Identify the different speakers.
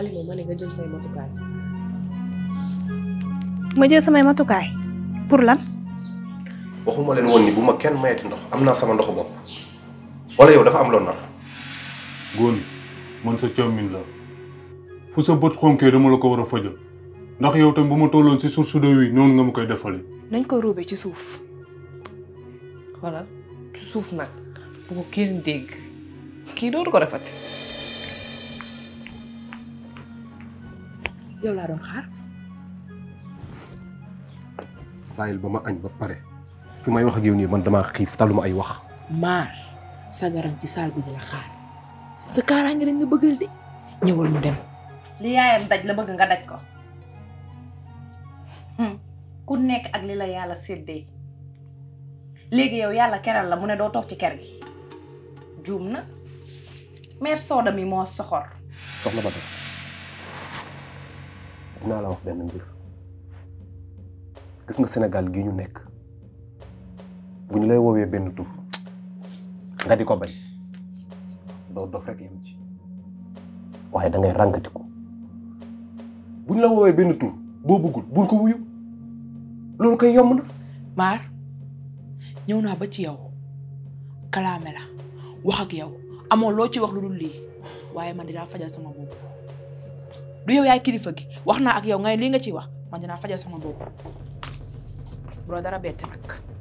Speaker 1: Halima ma ne nga jël say matukaay. ma jël samay matukaay pour lan. waxuma leen woon ni bu ma kenn mayati ndox am naa sama ndoxu bopp wala yow dafa am loo na góor man sa coomin la fu sa bët xonkee dama la ko war a fajal ndax yow tam bu ma tolloon si source d'eau yi noonu nga ma koy defale nañ ko roobee ci suuf xoolal ci suuf nag bu ko kenn dégg kii dootu ko rafet. yow laa doon xaar. bàyyil ba ma añ ba pare fi may wax ak yow nii man damaa xiif taluma ay wax. maar sagaram ci saal bi di la xaar sa kaaraange dañ nga bëggal de ñëwal mu dem. li yaayam daj la bëgg nga daj ko hmm. ku nekk ak li la yàlla séddee léegi yow yàlla keral la mu ne doo toog ci ker gi juum na mère Soda mi moo soxor dinaa la wax benn mbir gis nga Sénégal gi ñu nekk bu ñu lay woowee benn tur nga di ko bañ doo dof rek yem ci waaye da ngay ràngatiku bu ñu la woowee benn tur boo bëggul bul ko wuyu loolu koy yomb na. maar ñëw naa ba ci yow kalaame la wax ak yow amoo loo ci wax lu dul lii waaye man dinaa fajal sama bopp. du yow yaay kilifa gi wax naa ak yow ngay lii nga ciy wax man dinaa fajal sama bopp bu dara bett nag.